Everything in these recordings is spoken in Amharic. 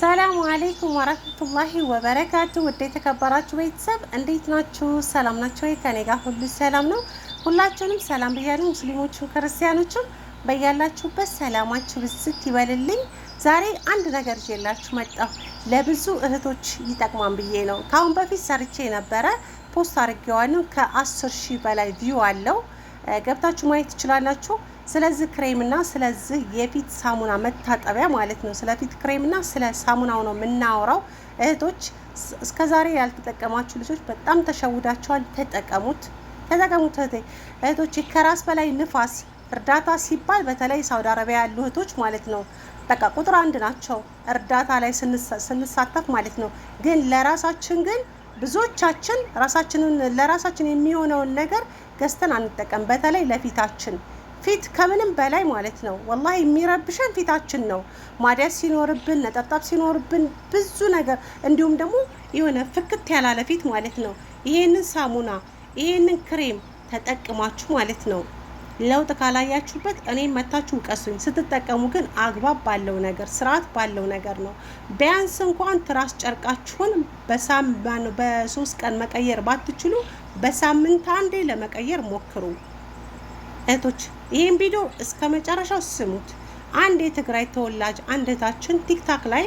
ሰላሙ አሌይኩም ወረህመቱላሂ ወበረካቱ። ውድ የተከበራችሁ ቤተሰብ እንዴት ናችሁ? ሰላም ናቸው? ከኔ ጋር ሁሉ ሰላም ነው። ሁላችሁንም ሰላም ብያለሁ። ሙስሊሞችም ክርስቲያኖችም በያላችሁበት ሰላማችሁ ብዝት ይበልልኝ። ዛሬ አንድ ነገር ይዤላችሁ መጣሁ። ለብዙ እህቶች ይጠቅማን ብዬ ነው። ከአሁን በፊት ሰርቼ ነበረ፣ ፖስት አድርጌዋለሁ። ከአስር ሺህ በላይ ቪው አለው። ገብታችሁ ማየት ትችላላችሁ። ስለዚህ ክሬምና ስለዚህ የፊት ሳሙና መታጠቢያ ማለት ነው። ስለ ፊት ክሬምና ስለ ሳሙናው ነው የምናወራው። እህቶች እስከ ዛሬ ያልተጠቀማችሁ ልጆች በጣም ተሸውዳቸዋል። ተጠቀሙት፣ ተጠቀሙት እህቶች። ከራስ በላይ ንፋስ እርዳታ ሲባል በተለይ ሳውዲ አረቢያ ያሉ እህቶች ማለት ነው በቃ ቁጥር አንድ ናቸው እርዳታ ላይ ስንሳተፍ ማለት ነው። ግን ለራሳችን ግን ብዙዎቻችን ራሳችንን ለራሳችን የሚሆነውን ነገር ገዝተን አንጠቀም። በተለይ ለፊታችን ፊት ከምንም በላይ ማለት ነው ወላሂ የሚረብሸን ፊታችን ነው። ማዲያስ ሲኖርብን፣ ነጠብጣብ ሲኖርብን ብዙ ነገር እንዲሁም ደግሞ የሆነ ፍክት ያላለ ፊት ማለት ነው። ይሄንን ሳሙና ይሄንን ክሬም ተጠቅማችሁ ማለት ነው ለውጥ ካላያችሁበት እኔ መታችሁ ውቀሱኝ። ስትጠቀሙ ግን አግባብ ባለው ነገር ስርዓት ባለው ነገር ነው። ቢያንስ እንኳን ትራስ ጨርቃችሁን በሶስት ቀን መቀየር ባትችሉ በሳምንት አንዴ ለመቀየር ሞክሩ እህቶች። ይህን ቪዲዮ እስከ መጨረሻው ስሙት። አንድ የትግራይ ተወላጅ አንደታችን ቲክታክ ላይ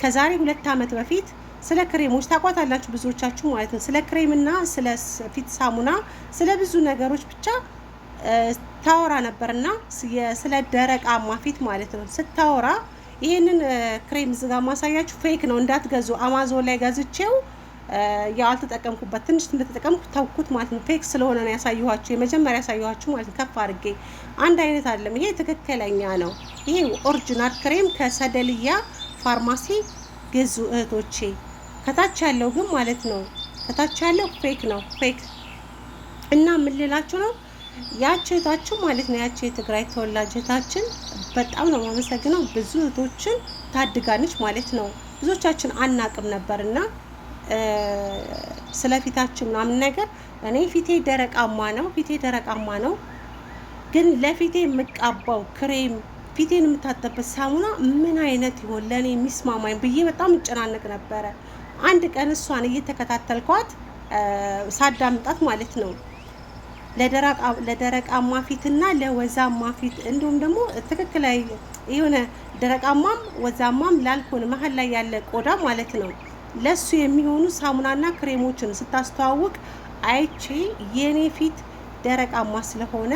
ከዛሬ ሁለት ዓመት በፊት ስለ ክሬሞች ታቋታላችሁ ብዙዎቻችሁ ማለት ነው። ስለ ክሬምና ስለ ፊት ሳሙና ስለ ብዙ ነገሮች ብቻ ታወራ ነበርና ስለ ደረቃማ ፊት ማለት ነው ስታወራ ይህንን ክሬም ዝጋ ማሳያችሁ ፌክ ነው እንዳትገዙ፣ አማዞን ላይ ገዝቼው ያልተጠቀምኩበት ትንሽ እንደተጠቀምኩ ተውኩት ማለት ነው። ፌክ ስለሆነ ነው ያሳየኋችሁ፣ የመጀመሪያ ያሳየኋችሁ ማለት ነው። ከፍ አድርጌ አንድ አይነት አይደለም። ይሄ ትክክለኛ ነው። ይሄ ኦሪጂናል ክሬም ከሰደልያ ፋርማሲ ገዙ እህቶቼ። ከታች ያለው ግን ማለት ነው ከታች ያለው ፌክ ነው። ፌክ እና ምን ነው ያች እህታችን ማለት ነው ያች የትግራይ ተወላጅ እህታችን በጣም ነው የማመሰግነው። ብዙ እህቶችን ታድጋለች ማለት ነው። ብዙዎቻችን አናቅም ነበርና ስለ ፊታችን ምናምን ነገር እኔ ፊቴ ደረቃማ ነው፣ ፊቴ ደረቃማ ነው። ግን ለፊቴ የምቃባው ክሬም፣ ፊቴን የምታጠበት ሳሙና ምን አይነት ይሆን ለእኔ የሚስማማኝ ብዬ በጣም እጨናነቅ ነበረ። አንድ ቀን እሷን እየተከታተልኳት ሳዳምጣት ማለት ነው ለደረቃማ ፊትና ለወዛማ ፊት እንዲሁም ደግሞ ትክክል የሆነ ደረቃማም ወዛማም ላልሆን መሀል ላይ ያለ ቆዳ ማለት ነው ለሱ የሚሆኑ ሳሙናና ክሬሞችን ስታስተዋውቅ አይቼ የኔ ፊት ደረቃማ ስለሆነ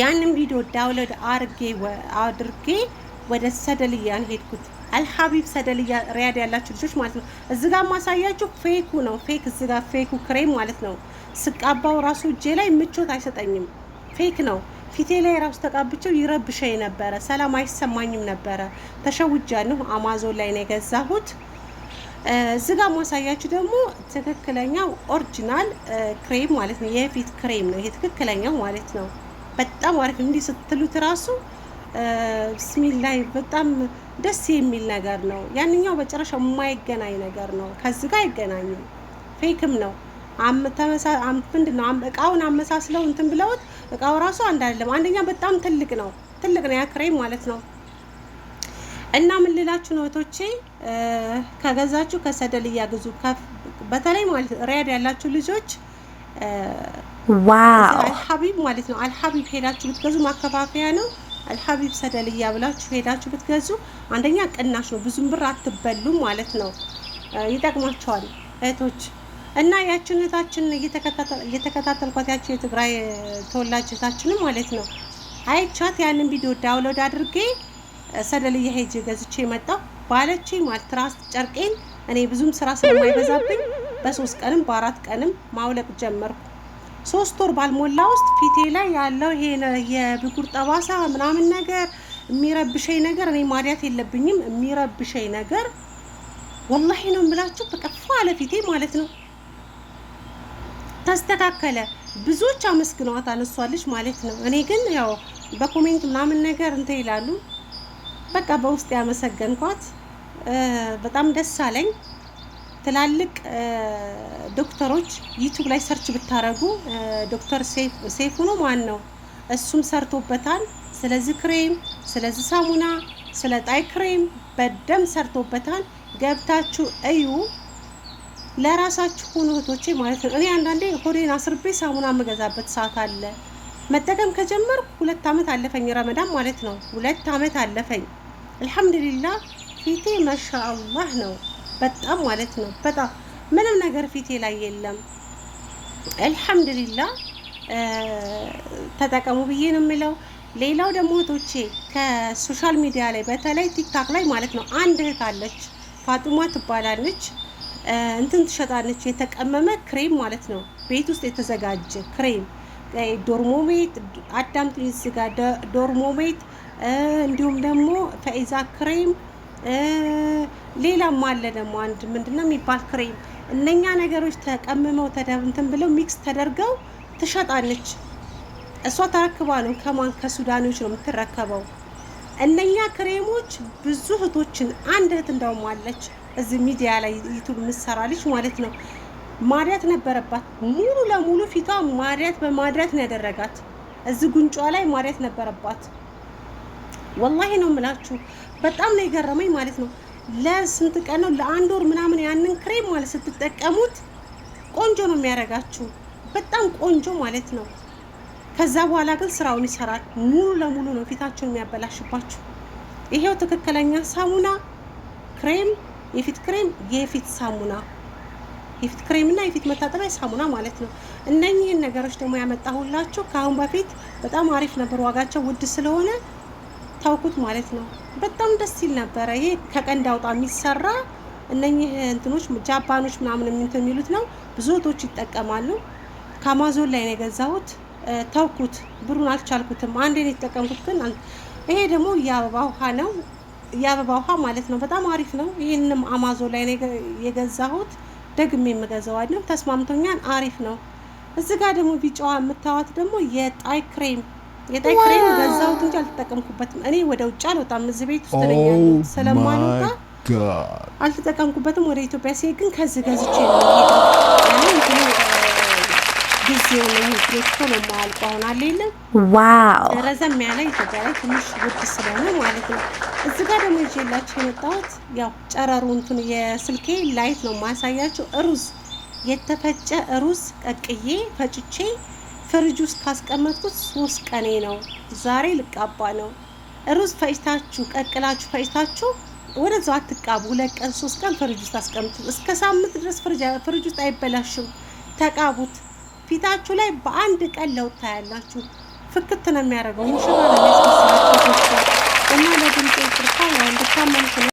ያንን ቪዲዮ ዳውንሎድ አድርጌ አድርጌ ወደ ሰደልያን ሄድኩት። አልሀቢብ ሰደልያ ሪያድ ያላችሁ ልጆች ማለት ነው። እዚ ጋር ማሳያችሁ ፌኩ ነው። ፌክ እዚ ጋር ፌኩ ክሬም ማለት ነው። ስቃባው ራሱ እጄ ላይ ምቾት አይሰጠኝም። ፌክ ነው። ፊቴ ላይ ራሱ ተቃብቸው ይረብሸኝ ነበረ። ሰላም አይሰማኝም ነበረ። ተሸውጃለሁ። አማዞን ላይ ነው የገዛሁት። እዚህ ጋር ማሳያችሁ ደግሞ ትክክለኛው ኦሪጂናል ክሬም ማለት ነው። የፊት ክሬም ነው ይሄ ትክክለኛው ማለት ነው። በጣም አሪፍ እንዲህ ስትሉት ራሱ ስሚል ላይ በጣም ደስ የሚል ነገር ነው። ያንኛው በጨረሻው የማይገናኝ ነገር ነው። ከዚህ ጋር አይገናኝም፣ ፌክም ነው። ምንድን እቃውን አመሳስለው እንትን ብለውት እቃው ራሱ አንድ አይደለም። አንደኛ በጣም ትልቅ ነው ትልቅ ነው ያ ማለት ነው። እና ምን ልላችሁ ነው እህቶቼ፣ ከገዛችሁ ከሰደልያ ግዙ። በተለይ ማለት ሪያድ ያላችሁ ልጆች ዋው አልሀቢብ ማለት ነው። አልሐቢብ ሄዳችሁ ብትገዙ ማከፋፈያ ነው። አልሀቢብ ሰደልያ ብላችሁ ሄዳችሁ ብትገዙ አንደኛ ቅናሽ ነው፣ ብዙም ብር አትበሉም ማለት ነው። ይጠቅማቸዋል እህቶች። እና ያችን እህታችን እየተከታተልኳት ያችን የትግራይ ተወላጅ እህታችን ማለት ነው አይቻት ያንን ቪዲዮ ዳውንሎድ አድርጌ ሰደል ሄጄ ገዝቼ መጣሁ ባለችኝ ማለት ጨርቄን እኔ ብዙም ስራ ስለማይበዛብኝ በሶስት ቀንም በአራት ቀንም ማውለቅ ጀመርኩ። ሶስት ወር ባልሞላ ውስጥ ፊቴ ላይ ያለው ይሄ የብጉር ጠባሳ ምናምን ነገር የሚረብሸኝ ነገር እኔ ማዲያት የለብኝም የሚረብሸኝ ነገር ወላሂ ነው የምላችሁ። በቀፋ ፊቴ ማለት ነው ተስተካከለ። ብዙዎች አመስግነዋት አነሷልሽ ማለት ነው። እኔ ግን ያው በኮሜንት ምናምን ነገር እንትን ይላሉ። በቃ በውስጥ ያመሰገንኳት በጣም ደስ አለኝ። ትላልቅ ዶክተሮች ዩቱብ ላይ ሰርች ብታረጉ ዶክተር ሴፉ ነው ማን ነው እሱም ሰርቶበታል። ስለዚህ ክሬም፣ ስለዚህ ሳሙና፣ ስለ ጣይ ክሬም በደም ሰርቶበታል። ገብታችሁ እዩ። ለራሳችሁ ሆኑ እህቶቼ ማለት ነው። እኔ አንዳንዴ ሆዴን አስርቤ ሳሙና የምገዛበት ሰዓት አለ። መጠቀም ከጀመርኩ ሁለት ዓመት አለፈኝ፣ ረመዳን ማለት ነው። ሁለት ዓመት አለፈኝ። አልሐምዱሊላህ ፊቴ ማሻአላህ ነው በጣም ማለት ነው። በጣም ምንም ነገር ፊቴ ላይ የለም። አልሐምዱሊላህ ተጠቀሙ ብዬ ነው የምለው። ሌላው ደግሞ እህቶቼ ከሶሻል ሚዲያ ላይ በተለይ ቲክታክ ላይ ማለት ነው አንድ እህት አለች ፋጡማ ትባላለች። እንትን ትሸጣለች፣ የተቀመመ ክሬም ማለት ነው። ቤት ውስጥ የተዘጋጀ ክሬም ዶርሞሜት፣ አዳምጡኝ እዚህ ጋር ዶርሞሜት፣ እንዲሁም ደግሞ ፈኢዛ ክሬም፣ ሌላም አለ ደግሞ አንድ ምንድነው የሚባል ክሬም። እነኛ ነገሮች ተቀምመው እንትን ብለው ሚክስ ተደርገው ትሸጣለች። እሷ ተረክባ ነው ከማን ከሱዳኖች ነው የምትረከበው። እነኛ ክሬሞች ብዙ እህቶችን አንድ እህት እንደውም አለች እዚህ ሚዲያ ላይ ዩቱብ የምትሰራ ልጅ ማለት ነው ማድያት ነበረባት። ሙሉ ለሙሉ ፊቷ ማድያት በማድያት ነው ያደረጋት። እዚህ ጉንጯ ላይ ማድያት ነበረባት። ወላሂ ነው የምላችሁ። በጣም ነው የገረመኝ ማለት ነው። ለስንት ቀን ነው ለአንድ ወር ምናምን ያንን ክሬም ማለት ስትጠቀሙት ቆንጆ ነው የሚያደርጋችሁ፣ በጣም ቆንጆ ማለት ነው። ከዛ በኋላ ግን ስራውን ይሰራል። ሙሉ ለሙሉ ነው ፊታችሁን የሚያበላሽባችሁ። ይሄው ትክክለኛ ሳሙና ክሬም የፊት ክሬም፣ የፊት ሳሙና፣ የፊት ክሬም እና የፊት መታጠቢያ ሳሙና ማለት ነው። እነኚህን ነገሮች ደግሞ ያመጣሁላችሁ ከአሁን በፊት በጣም አሪፍ ነበር፣ ዋጋቸው ውድ ስለሆነ ታውኩት ማለት ነው። በጣም ደስ ሲል ነበረ። ይሄ ከቀንድ አውጣ የሚሰራ እነኚህ እንትኖች ጃፓኖች ምናምን እንትን የሚሉት ነው። ብዙ እህቶች ይጠቀማሉ። ከአማዞን ላይ ነው የገዛሁት። ተውኩት፣ ብሩን አልቻልኩትም። አንዴን የተጠቀምኩት ግን ይሄ ደግሞ የአበባ ውሃ ነው። የአበባ ውሃ ማለት ነው። በጣም አሪፍ ነው። ይህንም አማዞን ላይ የገዛሁት ደግሜ የምገዛው አይደለም፣ ተስማምቶኛል። አሪፍ ነው። እዚህ ጋር ደግሞ ቢጫዋ የምታዋት ደግሞ የጣይ ክሬም የጣይ ክሬም ገዛሁት እንጂ አልተጠቀምኩበትም። እኔ ወደ ውጭ አልወጣም፣ እዚህ ቤት ውስጥ ነኝ ስለማልወጣ አልተጠቀምኩበትም። ወደ ኢትዮጵያ ሲሄድ ግን ከዚህ ገዝቼ ነው ነው ነው ዋው ረዘም ያለ ኢትዮጵያ ላይ ትንሽ ውድ ስለሆነ ማለት ነው። እዚህ ጋር ደግሞ ይዤላችሁ የመጣሁት ያው ጨረሩ የስልኬ ላይት ነው ማሳያችሁ። የተፈጨ ሩዝ ቀቅዬ ፈጭቼ ፍርጅ ውስጥ ካስቀመጥኩት ሶስት ቀኔ ነው። ዛሬ ልቃባ ነው። ሩዝ ፈጭታችሁ ቀቅላችሁ ፈጭታችሁ ወደዛው አትቃቡ። ሁለት ቀን ሶስት ቀን ውስጥ አስቀምጡት። እስከ ሳምንት ድረስ ፍሪጅ ውስጥ አይበላሽም። ተቃቡት። ፊታችሁ ላይ በአንድ ቀን ለውጥ ታያላችሁ። ፍክት ነው የሚያደርገው ሙሽራ ነው እና ለድምጤ ቅርታ ያው እንድታመምኩ